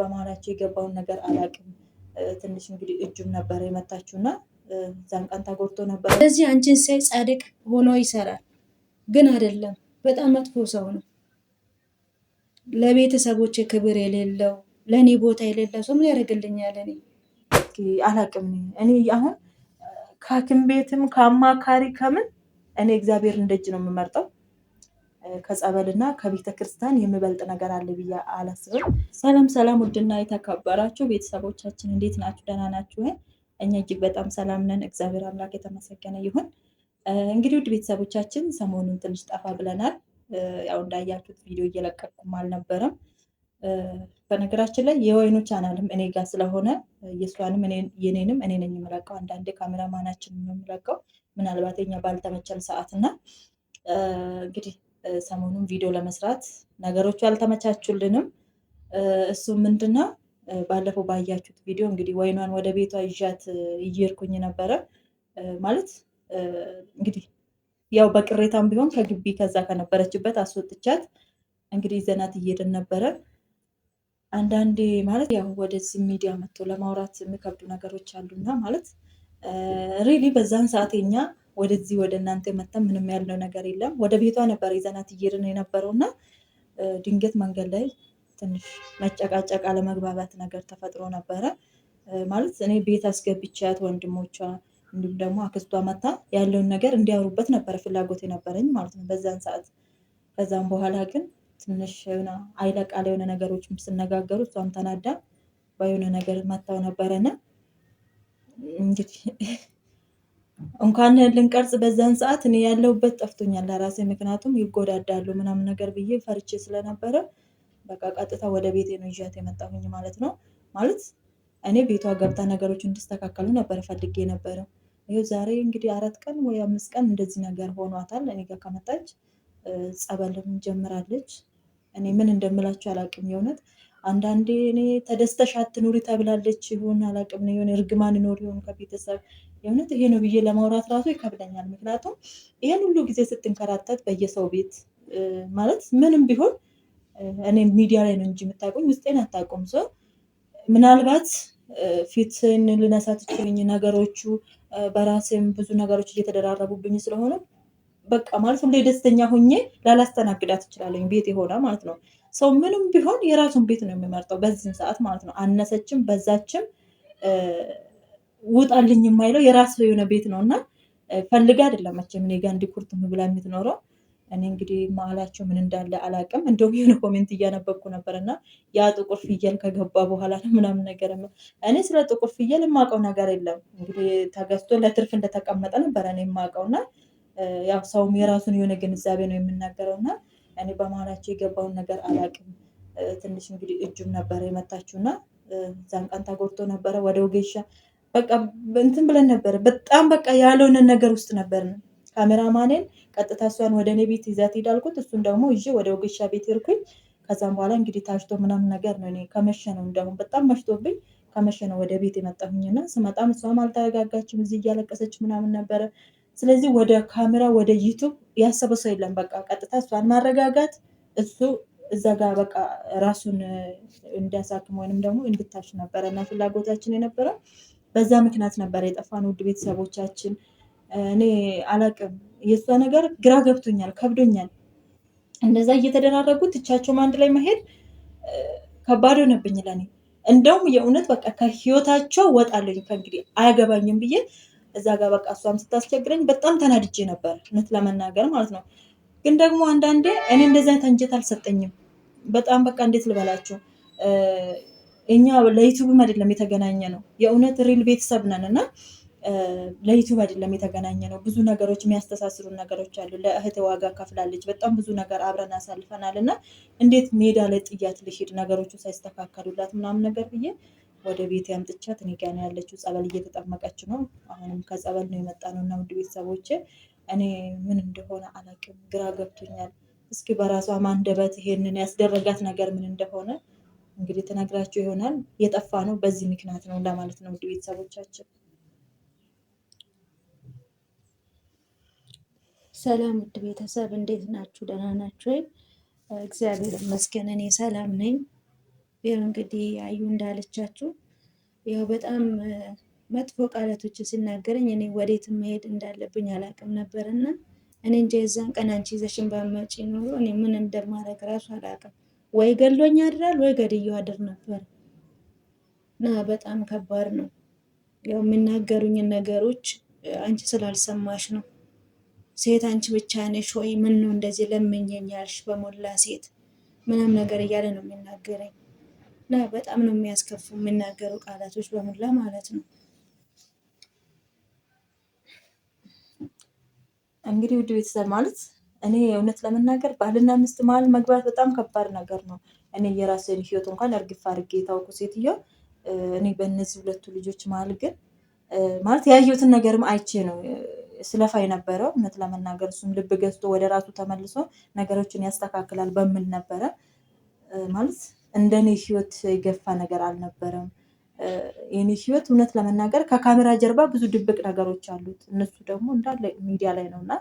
በመሀላቸው የገባውን ነገር አላውቅም። ትንሽ እንግዲህ እጁም ነበረ የመታችውና እዛን ቀን ተጎድቶ ነበር። ስለዚህ አንቺን ሳይ ጻድቅ ሆኖ ይሰራል፣ ግን አይደለም። በጣም መጥፎ ሰው ነው። ለቤተሰቦች ክብር የሌለው ለእኔ ቦታ የሌለው ሰው ምን ያደርግልኛል? እኔ አላውቅም። እኔ አሁን ከሐኪም ቤትም ከአማካሪ ከምን እኔ እግዚአብሔር ደጅ ነው የምመርጠው። ከጸበልና ከቤተ ክርስቲያን የምበልጥ ነገር አለ ብዬ አላስብም። ሰላም ሰላም፣ ውድና የተከበራችሁ ቤተሰቦቻችን እንዴት ናችሁ? ደህና ናችሁ? እኛ እጅግ በጣም ሰላም ነን። እግዚአብሔር አምላክ የተመሰገነ ይሁን። እንግዲህ ውድ ቤተሰቦቻችን ሰሞኑን ትንሽ ጠፋ ብለናል። ያው እንዳያችሁት ቪዲዮ እየለቀቅኩም አልነበረም። በነገራችን ላይ የወይኑ ቻናልም እኔ ጋር ስለሆነ የእሷንም የኔንም እኔ ነኝ የምለቀው። አንዳንዴ ካሜራማናችን ነው የምለቀው ምናልባት ኛ ባልተመቸን ሰዓት እና እንግዲህ ሰሞኑን ቪዲዮ ለመስራት ነገሮቹ አልተመቻቹልንም። እሱ ምንድነው ባለፈው ባያችሁት ቪዲዮ እንግዲህ ወይኗን ወደ ቤቷ ይዣት እየሄድኩኝ ነበረ። ማለት እንግዲህ ያው በቅሬታም ቢሆን ከግቢ ከዛ ከነበረችበት አስወጥቻት እንግዲህ ዘናት እየሄድን ነበረ። አንዳንዴ ማለት ያው ወደዚህ ሚዲያ መጥቶ ለማውራት የሚከብዱ ነገሮች አሉና ማለት ሪሊ በዛን ሰዓት እኛ ወደዚህ ወደ እናንተ መተን ምንም ያለው ነገር የለም። ወደ ቤቷ ነበር የዘናት እየሄድን የነበረው እና ድንገት መንገድ ላይ ትንሽ መጨቃጨቅ፣ አለመግባባት ነገር ተፈጥሮ ነበረ። ማለት እኔ ቤት አስገብቻት ወንድሞቿ እንዲሁም ደግሞ አክስቷ መታ ያለውን ነገር እንዲያወሩበት ነበረ ፍላጎት የነበረኝ ማለት ነው በዛን ሰዓት። ከዛም በኋላ ግን ትንሽ ሆነ አይለቃላ የሆነ ነገሮችም ስነጋገሩ እሷም ተናዳ በሆነ ነገር መታው ነበረና እንግዲህ እንኳን ልንቀርጽ በዛን ሰዓት እኔ ያለሁበት ጠፍቶኛል ለራሴ። ምክንያቱም ይጎዳዳሉ ምናምን ነገር ብዬ ፈርቼ ስለነበረ በቃ ቀጥታ ወደ ቤቴ ነው ይዣት የመጣሁኝ ማለት ነው። ማለት እኔ ቤቷ ገብታ ነገሮች እንዲስተካከሉ ነበር ፈልጌ ነበረ። ይህ ዛሬ እንግዲህ አራት ቀን ወይ አምስት ቀን እንደዚህ ነገር ሆኗታል። እኔ ጋር ከመጣች ጸበልም ጀምራለች። እኔ ምን እንደምላችሁ አላውቅም የእውነት አንዳንዴ እኔ ተደስተሽ አትኑሪ ተብላለች ይሆን አላቅም ነው የሆነ እርግማን ኖር ይሆን ከቤተሰብ የእውነት ይሄ ነው ብዬ ለማውራት ራሱ ይከብደኛል። ምክንያቱም ይሄን ሁሉ ጊዜ ስትንከራተት በየሰው ቤት ማለት ምንም ቢሆን እኔ ሚዲያ ላይ ነው እንጂ የምታቆኝ ውስጤን አታቆም ሰው ምናልባት ፊትን ልነሳት ትችልኝ ነገሮቹ በራሴም ብዙ ነገሮች እየተደራረቡብኝ ስለሆነ በቃ ማለት ሁሌ ደስተኛ ሆኜ ላላስተናግዳት እችላለኝ ቤት የሆነ ማለት ነው። ሰው ምንም ቢሆን የራሱን ቤት ነው የሚመርጠው በዚህም ሰዓት ማለት ነው። አነሰችም በዛችም ውጣልኝ የማይለው የራሱ የሆነ ቤት ነው እና ፈልጋ አይደለም መቼም እኔ ጋ እንዲኩርት ብላ የምትኖረው። እኔ እንግዲህ መሀላቸው ምን እንዳለ አላውቅም። እንደውም የሆነ ኮሜንት እያነበብኩ ነበር እና ያ ጥቁር ፍየል ከገባ በኋላ ምናምን ነገር እኔ ስለ ጥቁር ፍየል የማውቀው ነገር የለም። እንግዲህ ተገዝቶ ለትርፍ እንደተቀመጠ ነበር እኔ የማውቀው እና ያው ሰውም የራሱን የሆነ ግንዛቤ ነው የምናገረው እና እኔ በመሀላቸው የገባውን ነገር አላውቅም። ትንሽ እንግዲህ እጁም ነበረ የመታችው እና እዛን ቀን ተጎድቶ ነበረ ወደ ወጌሻ በቃ እንትን ብለን ነበረ። በጣም በቃ ያልሆነ ነገር ውስጥ ነበር። ካሜራማኔን ቀጥታ እሷን ወደ እኔ ቤት ይዛት ሄዳልኩት። እሱን ደግሞ ይዤ ወደ ወጌሻ ቤት ሄድኩኝ። ከዛም በኋላ እንግዲህ ታሽቶ ምናምን ነገር ነው። እኔ ከመሸ ነው እንደውም በጣም መሽቶብኝ ከመሸ ነው ወደ ቤት የመጣሁኝና ስመጣም እሷም አልተረጋጋችም። እዚህ እያለቀሰች ምናምን ነበረ ስለዚህ ወደ ካሜራ ወደ ዩቱብ ያሰበ ሰው የለም። በቃ ቀጥታ እሷን ማረጋጋት እሱ እዛ ጋር በቃ ራሱን እንዲያሳክም ወይንም ደግሞ እንድታሽ ነበረ እና ፍላጎታችን የነበረው በዛ ምክንያት ነበረ የጠፋን ውድ ቤተሰቦቻችን። እኔ አላቅም የእሷ ነገር ግራ ገብቶኛል፣ ከብዶኛል። እንደዛ እየተደራረጉ ትቻቸውም አንድ ላይ መሄድ ከባድ ሆነብኝ ለኔ። እንደውም የእውነት በቃ ከህይወታቸው ወጣለኝ ከእንግዲህ አያገባኝም ብዬ እዛ ጋር በቃ እሷም ስታስቸግረኝ በጣም ተናድጄ ነበር፣ እውነት ለመናገር ማለት ነው። ግን ደግሞ አንዳንዴ እኔ እንደዚህ አይነት አንጀት አልሰጠኝም። በጣም በቃ እንዴት ልበላችሁ፣ እኛ ለዩቱብም አይደለም የተገናኘ ነው። የእውነት ሪል ቤተሰብ ነን እና ለዩቱብ አይደለም የተገናኘ ነው። ብዙ ነገሮች የሚያስተሳስሩን ነገሮች አሉ። ለእህት ዋጋ ከፍላለች። በጣም ብዙ ነገር አብረን አሳልፈናል እና እንዴት ሜዳ ላይ ጥያት ልሄድ ነገሮቹ ሳይስተካከሉላት ምናምን ነገር ብዬ ወደ ቤት ያምጥቻት እኔ ነው ያለችው። ጸበል እየተጠመቀች ነው። አሁንም ከጸበል ነው የመጣ ነው እና ውድ ቤተሰቦች እኔ ምን እንደሆነ አላውቅም፣ ግራ ገብቶኛል። እስኪ በራሷ አንደበት ይሄንን ያስደረጋት ነገር ምን እንደሆነ እንግዲህ ተነግራችሁ ይሆናል። የጠፋ ነው በዚህ ምክንያት ነው ለማለት ነው ውድ ቤተሰቦቻችን። ሰላም ውድ ቤተሰብ እንዴት ናችሁ? ደህና ናችሁ? እግዚአብሔር ይመስገን እኔ ሰላም ነኝ። ይኸው እንግዲህ አዩ እንዳለቻችሁ ያው በጣም መጥፎ ቃላቶችን ሲናገረኝ እኔ ወዴት መሄድ እንዳለብኝ አላቅም ነበር እና እኔ እንጃ የዛን ቀን አንቺ ይዘሽን ባመጪ ኖሮ እኔ ምን እንደማደርግ ራሱ አላቅም ወይ ገሎኝ አድራል ወይ ገድዬው አድር ነበር እና በጣም ከባድ ነው። ያው የሚናገሩኝን ነገሮች አንቺ ስላልሰማሽ ነው። ሴት አንቺ ብቻ ነሽ ወይ? ምን ነው እንደዚህ ለምኘኛልሽ በሞላ ሴት ምናም ነገር እያለ ነው የሚናገረኝ። እና በጣም ነው የሚያስከፉ የሚናገሩ ቃላቶች በሙላ ማለት ነው። እንግዲህ ውድ ቤተሰብ ማለት እኔ እውነት ለመናገር ባልና ሚስት መሀል መግባት በጣም ከባድ ነገር ነው። እኔ የራሴን ህይወት እንኳን እርግፍ አድርጌ የታውቁ ሴትዮ እኔ በእነዚህ ሁለቱ ልጆች መሀል ግን ማለት ያየሁትን ነገርም አይቼ ነው ስለፋ የነበረው እውነት ለመናገር እሱም ልብ ገዝቶ ወደ ራሱ ተመልሶ ነገሮችን ያስተካክላል በሚል ነበረ ማለት እንደኔ ህይወት የገፋ ነገር አልነበረም። የኔ ህይወት እውነት ለመናገር ከካሜራ ጀርባ ብዙ ድብቅ ነገሮች አሉት። እነሱ ደግሞ እንዳለ ሚዲያ ላይ ነው እና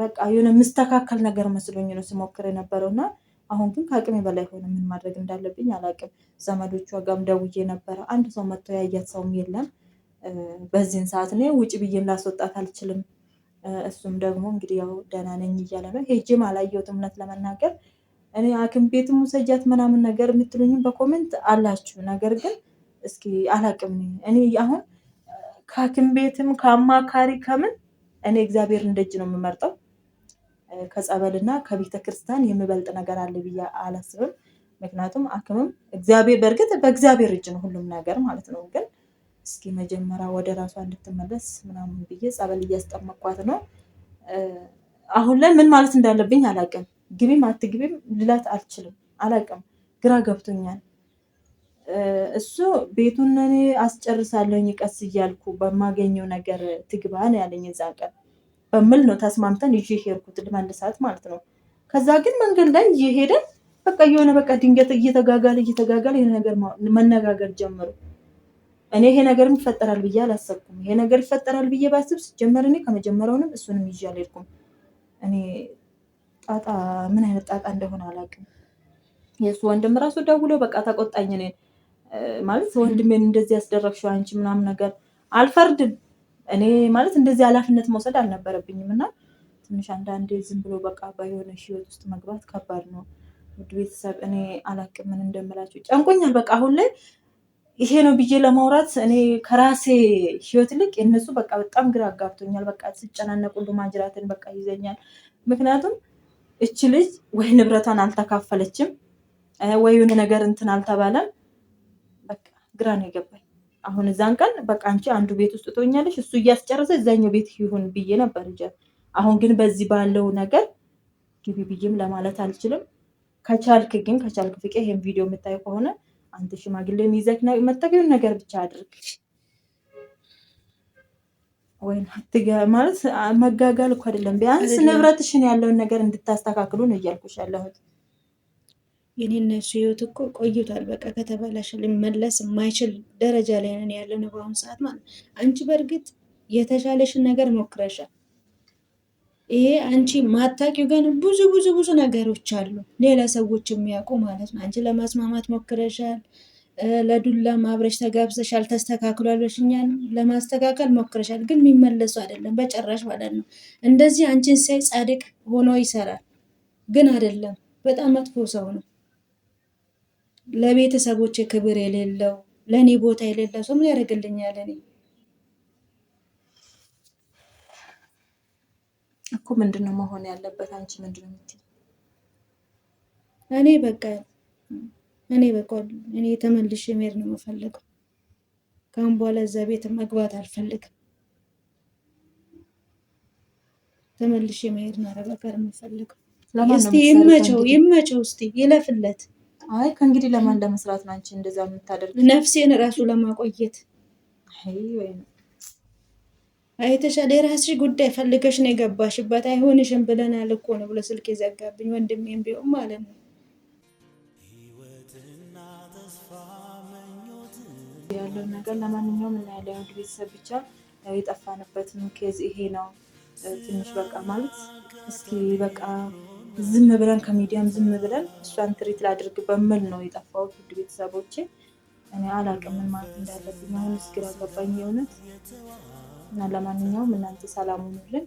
በቃ የሆነ የምስተካከል ነገር መስሎኝ ነው ስሞክር የነበረው እና አሁን ግን ከአቅሜ በላይ ሆነ። ምን ማድረግ እንዳለብኝ አላቅም። ዘመዶቿ ጋርም ደውዬ ነበረ። አንድ ሰው መጥቶ ያያት ሰውም የለም። በዚህን ሰዓት እኔ ውጭ ብዬም ላስወጣት አልችልም። እሱም ደግሞ እንግዲህ ያው ደህና ነኝ እያለ ነው። ሄጅም አላየሁትም እውነት ለመናገር እኔ ሐኪም ቤትም ውሰጃት ምናምን ነገር የምትሉኝም በኮሜንት አላችሁ። ነገር ግን እስኪ አላቅም እኔ አሁን ከሐኪም ቤትም ከአማካሪ ከምን እኔ እግዚአብሔር እንደእጅ ነው የምመርጠው። ከጸበልና ከቤተ ክርስቲያን የሚበልጥ ነገር አለ ብዬ አላስብም። ምክንያቱም ሐኪምም እግዚአብሔር በእርግጥ በእግዚአብሔር እጅ ነው ሁሉም ነገር ማለት ነው። ግን እስኪ መጀመሪያ ወደ ራሷ እንድትመለስ ምናምን ብዬ ጸበል እያስጠመኳት ነው። አሁን ላይ ምን ማለት እንዳለብኝ አላቅም። ግቢም አትግቢም ልላት አልችልም። አላቅም፣ ግራ ገብቶኛል። እሱ ቤቱን እኔ አስጨርሳለሁኝ ቀስ እያልኩ በማገኘው ነገር ትግባ ነው ያለኝ። የዛን ቀን በምል ነው ተስማምተን ይዤ ሄድኩት ልመልሳት ማለት ነው። ከዛ ግን መንገድ ላይ እየሄደን በቃ የሆነ በቃ ድንገት እየተጋጋለ እየተጋጋለ ይሄ ነገር መነጋገር ጀምሩ። እኔ ይሄ ነገርም ይፈጠራል ብዬ አላሰብኩም። ይሄ ነገር ይፈጠራል ብዬ ባስብ ሲጀመር እኔ ከመጀመሪያውንም እሱንም ይዤ አልሄድኩም እኔ ጣጣ ምን አይነት ጣጣ እንደሆነ አላውቅም። የእሱ ወንድም ራሱ ደውሎ በቃ ተቆጣኝ። እኔን ማለት ወንድሜን እንደዚህ ያስደረግሽው አንቺ ምናምን ነገር አልፈርድም። እኔ ማለት እንደዚህ ኃላፊነት መውሰድ አልነበረብኝም እና ትንሽ አንዳንዴ ዝም ብሎ በቃ በየሆነ ህይወት ውስጥ መግባት ከባድ ነው። ውድ ቤተሰብ እኔ አላቅም ምን እንደምላቸው ጨንቆኛል። በቃ አሁን ላይ ይሄ ነው ብዬ ለማውራት እኔ ከራሴ ህይወት ይልቅ የእነሱ በቃ በጣም ግራ አጋብቶኛል። በቃ ስጨናነቁ ማጅራትን በቃ ይዘኛል ምክንያቱም እች ልጅ ወይ ንብረቷን አልተካፈለችም ወይ የሆነ ነገር እንትን አልተባለም። በቃ ግራ ነው የገባኝ። አሁን እዛን ቀን በቃ አንቺ አንዱ ቤት ውስጥ ትሆኛለሽ፣ እሱ እያስጨረሰ እዛኛው ቤት ይሁን ብዬ ነበር እንጂ አሁን ግን በዚህ ባለው ነገር ግቢ ብዬም ለማለት አልችልም። ከቻልክ ግን ከቻልክ ፍቄ ይሄን ቪዲዮ የምታየው ከሆነ አንተ ሽማግሌ ይዘህ መጠቀም ነገር ብቻ አድርግ። ወይ ማለት መጋጋል እኮ አይደለም። ቢያንስ ንብረትሽን ያለውን ነገር እንድታስተካክሉ ነው እያልኩሽ ያለሁት። የኔ እነሱ ህይወት እኮ ቆይቷል። በቃ ከተበላሸ ሊመለስ የማይችል ደረጃ ላይ ነን ያለ ነው በአሁኑ ሰዓት ማለት አንቺ በእርግጥ የተሻለሽን ነገር ሞክረሻል። ይሄ አንቺ ማታቂው ግን ብዙ ብዙ ብዙ ነገሮች አሉ ሌላ ሰዎች የሚያውቁ ማለት ነው። አንቺ ለማስማማት ሞክረሻል። ለዱላ ማብረሽ ተጋብዘሻል፣ ተስተካክሏል፣ እኛን ለማስተካከል ሞክረሻል፣ ግን የሚመለሱ አይደለም በጨራሽ ማለት ነው። እንደዚህ አንቺን ሳይ ጻድቅ ሆኖ ይሰራል፣ ግን አይደለም በጣም መጥፎ ሰው ነው። ለቤተሰቦች ክብር የሌለው ለእኔ ቦታ የሌለው ሰው ምን ያደርግልኛል? እኔ እኮ ምንድነው መሆን ያለበት? አንቺ ምንድነው እኔ በቃ እኔ በቃል እኔ ተመልሼ መሄድ ነው የምፈልገው። ከአሁን በኋላ እዛ ቤት መግባት አልፈልግም። ተመልሼ መሄድ ነው ረበቀር የምፈልገው። እስቲ ይመቸው ይመቸው፣ እስቲ ይለፍለት። አይ ከእንግዲህ ለማን ለመስራት ነው አንቺ እንደዛ የምታደርግ? ነፍሴን እራሱ ለማቆየት አይተሻል። የራስሽ ጉዳይ ፈልገሽ ነው የገባሽበት። አይሆንሽም ብለናል እኮ ነው ብሎ ስልክ የዘጋብኝ ወንድሜም ቢሆን ማለት ነው ያለውን ነገር ለማንኛውም እናያለን። ውድ ቤተሰብ ብቻ የጠፋንበትም ኬዝ ይሄ ነው። ትንሽ በቃ ማለት እስኪ በቃ ዝም ብለን ከሚዲያም ዝም ብለን እሷን ትሪት ላድርግ በምል ነው የጠፋሁት። ውድ ቤተሰቦቼ እኔ አላቅምን ማለት እንዳለብኝ አሁን እስኪ ገባኝ የእውነት እና ለማንኛውም እናንተ ሰላም ሁኑልን።